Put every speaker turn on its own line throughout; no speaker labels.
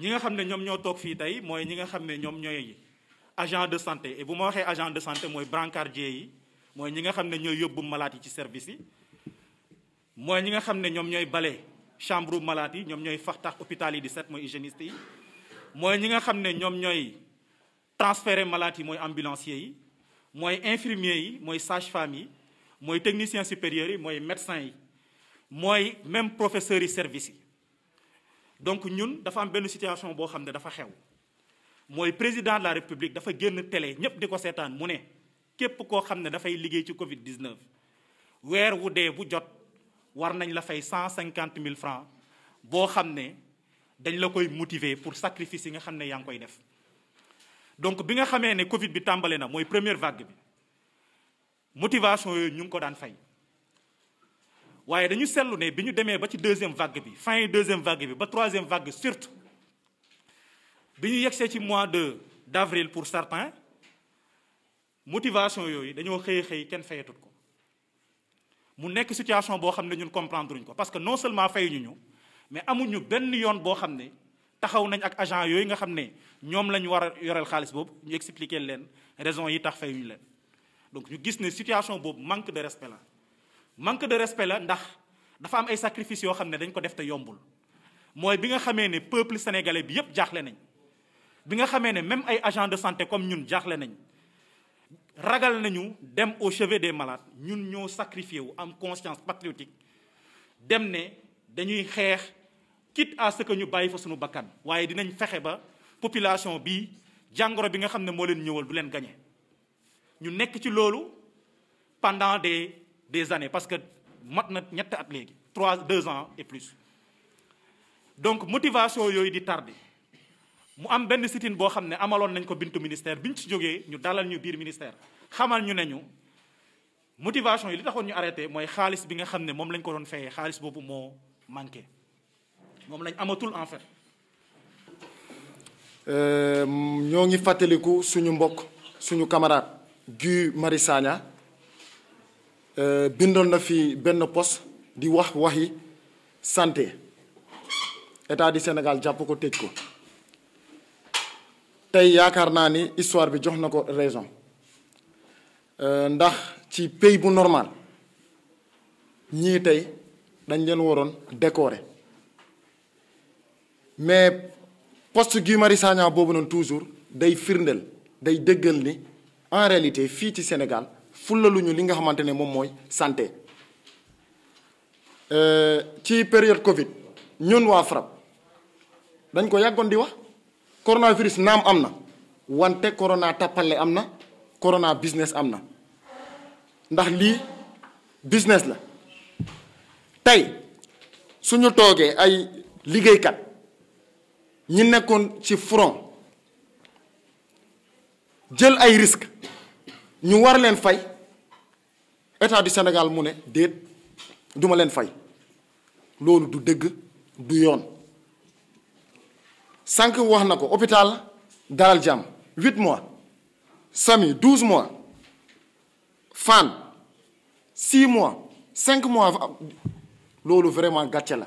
ñi nga xam ne ñoom ñoo toog fii tey mooy ñi nga xam ne ñoom ñooy agent de santé bu ma waxee agent de santé mooy brancardier yi mooy ñi nga xam ne ñooy yóbbu malade yi ci service yi mooy ñi nga xam ne ñoom ñooy bale chambre malade yi ñoom ñooy fax tax hôpital yi di set mooy hygiéniste yi mooy ñi nga xam ne ñoom ñooy transférer malade yi mooy ambulancier yi mooy infirmier yi mooy sage-femme yi mooy technicien supérieur yi mooy médecin yi mooy même professeurs yi service yi donc ñun dafa am benn situation boo xam ne dafa xew mooy président de la république dafa génn télé ñépp di ko seetaan mu ne képp koo xam ne dafay liggéey ci covid 19 weer wu dee bu jot war nañ la fay cent cinquante mille francs boo xam ne dañ la koy motiver pour sacrifice yi nga xam ne yaa ngi koy def donc bi nga xamee ne covid bi tàmbali na mooy première vague bi motivation yooyu ñu ngi ko daan fay waaye dañu seetlu ne bi ñu demee ba ci deuxième vague bi fin deuxième vague bi ba troisième vague surtout bi ñu yegsee ci mois de d' avril pour certains motivation yooyu dañoo xëy xëy kenn fayatut ko mu nekk situation boo xam ne ñun comprendre ñu ko parce que non seulement fayuñu ñu mais amuñu benn yoon boo xam ne taxaw nañ ak agent yooyu nga xam ne ñoom la ñu war a yoreel xaalis boobu ñu expliquer leen raison yi tax fayuñu leen donc ñu gis ne situation boobu manque de respect la manque de respect la ndax dafa am ay sacrifices yoo xam ne dañ ko def te yombul mooy bi nga xamee ne peuple sénégalais bi yépp jaaxle nañ bi nga xamee ne même ay agents de santé comme ñun jaaxle nañ ragal nañu dem au chevet des malades ñun ñoo sacrifié wu am conscience patriotique dem ne dañuy xeex quitte à ce que ñu bàyyi fa suñu bakkan waaye dinañ fexe ba population bi jàngoro bi nga xam ne moo leen ñëwal du leen gañe ñu nekk ci loolu pendant de des années parce que mat na ñett at léegi trois deux ans et plus donc motivation yooyu di tardé mu am benn sitin boo xam ne amaloon nañ ko bintu ministère bi ñu si jógee ñu dalal ñu biir ministère xamal ñu ne ñu motivation yi li taxoon ñu arrêté mooy xaalis bi nga xam ne moom lañ ko doon fayee xaalis boobu moo manqué moom lañ amatul en fait.
Euh, ñoo ngi fàttaliku suñu mbokk suñu camarade Guy Marius Sagna Euh, bindoon na fi benn post di wax waxi santé état di Sénégal jàpp ko tëj ko tey yaakaar naa ni histoire bi jox na ko raison euh, ndax ci pays bu normal ñii tey dañ leen waroon décorer mais poste Guy Marius boobu noonu toujours day firndeel day dëggal ni en réalité fii ci Sénégal. ñu li nga xamante ne moom mooy santé euh, ci période Covid ñun waa FRAPP dañ ko yàggoon di wax coronavirus naam am na wante corona tappale am na corona business am na ndax lii business la tey suñu toogee ay liggéeykat ñi nekkoon ci front jël ay risques ñu war leen fay état du Sénégal mu ne déet duma leen fay loolu du dëgg du yoon cinq wax na ko hôpital Dalal Jàmm huit mois Sami douze mois Fann six mois cinq mois loolu vraiment gàcce la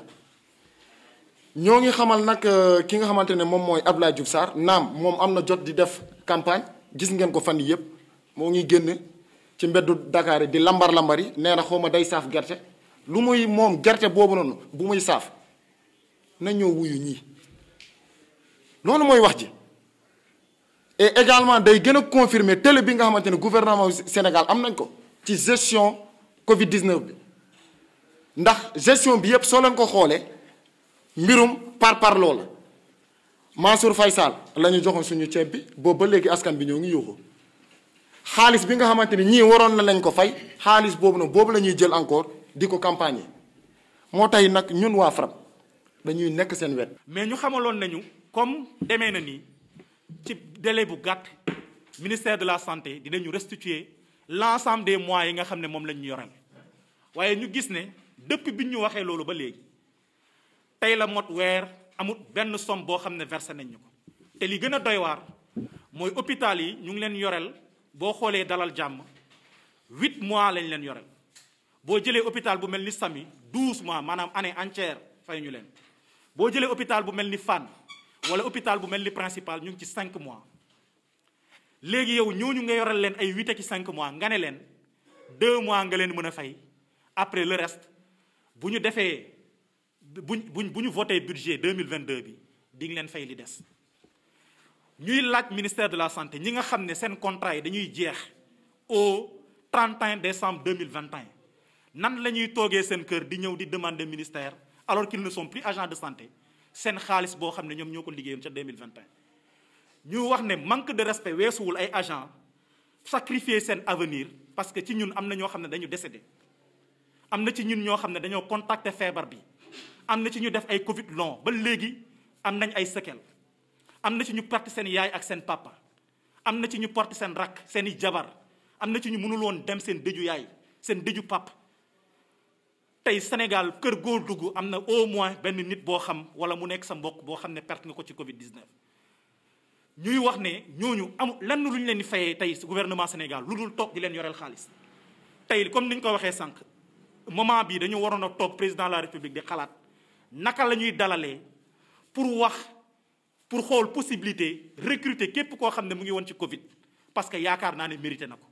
ñoo ngi xamal nag euh, ki nga xamante ne moom mooy Abdoulaye Diouf Sarr naam moom am na jot di def campagne gis ngeen ko fan yii yëpp moo ngi génn ci mbeddu Dakar yi di lambar lambar yi nee na xaw ma day saaf gerte lu muy moom gerte boobu noonu bu muy saaf na ñoo wuyu ñii loolu mooy wax ji. et également day gën a confirmer télé bi nga xamante ne gouvernement Sénégal am nañ ko ci gestion Covid 19 bi ndax gestion bi yëpp soo leen ko xoolee mbirum par par loola Mansour Faye Sall la ñu joxoon suñu ceeb bi boobu ba léegi askan bi ñoo ngi yuuxu xaalis bi nga xamante ni ñii waroon na leen ko fay xaalis boobu nag boobu lañuy jël encore di ko campagne moo tey nag ñun waa FRAPP dañuy nekk seen wet. mais ñu xamaloon nañu
comme demee na nii ci délai bu gàtt ministère de la santé dinañu restituer l'ensemble des moyens yi nga xam ne moom lañ ñu yoral waaye ñu gis ne depuis bi ñu waxee loolu ba léegi tey la mot weer amut benn somme boo xam ne versé nañ ñu ko te li gën a doy waar mooy hôpital yi ñu ngi leen yorel. boo xoolee dalal jàmm huit mois lañ leen yoreel boo jëlee hôpital bu mel ni Samy douze mois maanaam année entière fay ñu leen boo jëlee hôpital bu mel ni fànn wala hôpital bu mel ni principal ñu ngi ci cinq mois léegi yow ñu nga yoral leen ay huit ak cinq mois nga ne leen deux mois nga leen mën a fay après le reste bu ñu defee buñ buñ bu ñu voté budget deux mille vingt deux bi di nga leen fay li des ñuy laaj ministère de la santé ñi nga xam ne seen contrat yi dañuy jeex au 31 décembre 2021 nan la ñuy toogee seen kër di ñëw di demander ministère alors qu'ils ne sont plus agents de santé seen xaalis boo xam ne ñoom ñoo ko liggéeyoon ca 2021. ñu wax ne manque de respect weesuwul ay agent sacrifier seen avenir parce que ci ñun am na ñoo xam ne dañu décédé am na ci ñun ñoo xam ne dañoo contacter feebar bi am na ci ñu def ay Covid long ba léegi am nañ ay séquelles. am na ci ñu perte seen yaay ak seen papa am na ci ñu perte seen rakk seen i jabar am na ci ñu mënul woon dem seen dëju yaay seen dëju pap tey Sénégal kër goo dugg am na au moins benn nit boo xam wala mu nekk sa mbokk boo xam ne perte nga ko ci Covid 19. ñuy wax ne ñooñu am lenn lu ñu leen di fayee tey gouvernement Sénégal lu dul toog di leen yoreel xaalis tey comme ni ñu ko waxee sànq moment bii dañu waroon a toog président la république di xalaat naka la dalalee pour wax. pour xool possibilité recruter képp koo xam ne mu ngi woon ci Covid parce que yaakaar naa ne mérité na ko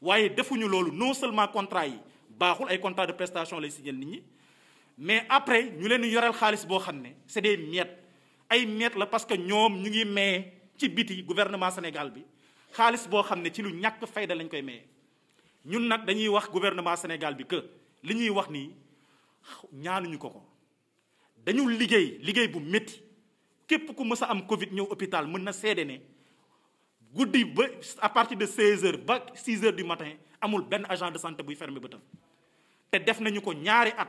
waaye defuñu loolu non seulement contrat yi baaxul ay contrat de prestation lay signal nit ñi mais après ñu leen yoreel xaalis boo xam ne c'est des miettes ay miettes la parce que ñoom ñu ngi maye ci biti gouvernement Sénégal bi xaalis boo xam ne ci lu ñàkk fayda lañ koy maye ñun nag dañuy wax gouvernement Sénégal bi que li ñuy wax nii ñaanuñu ko ko dañu liggéey liggéey bu métti. képp ku mës a am Covid ñëw hôpital mën na seede ne guddi ba à partir de 16h ba 6h du matin amul benn agent de santé buy fermer bëtam te def nañu ko ñaari at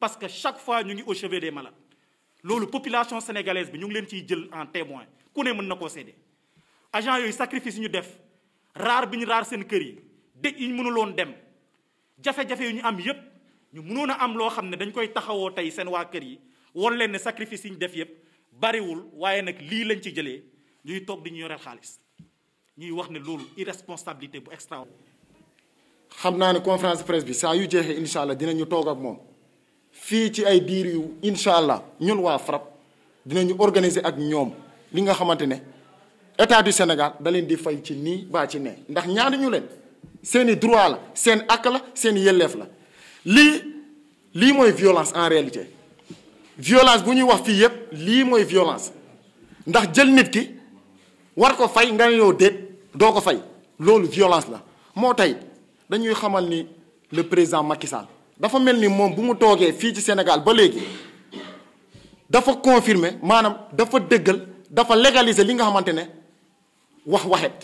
parce que chaque fois ñu ngi au chevet des malades loolu population sénégalaise bi ñu ngi leen ciy jël en témoin ku ne mën na koo seede agent yooyu sacrifice yi ñu def raar bi ñu raar seen kër yi dëj yi ñu mënuloon dem jafe-jafe yu ñu am yépp ñu mënoon a am loo xam ne dañ koy taxawoo tey seen waa kër yi woon leen ne sacrifice yi ñu def yépp bariwul waaye nag lii lañ ci jëlee ñuy toog di ñu yoreel xaalis ñuy wax ne loolu irresponsabilité bu extra.
xam naa ne conférence presse bi saa yu jeexee incha allah dinañu toog ak moom fii ci ay diir yu incha allah ñun waa FRAPP dinañu organiser ak ñoom li nga xamante ne état du Sénégal da leen di fay ci nii baa ci nee ndax ñaari ñu leen seen i droit la seen i la seen i yelleef la lii lii mooy violence en réalité. violence bu ñuy wax fii yëpp lii mooy violence ndax jël nit ki war ko fay nga yow déet doo ko fay loolu violence la moo tey dañuy xamal ni le président Macky dafa mel ni moom bu mu toogee fii ci Sénégal ba léegi dafa confirmer maanaam dafa dëggal dafa légaliser li nga xamante ne wax waxet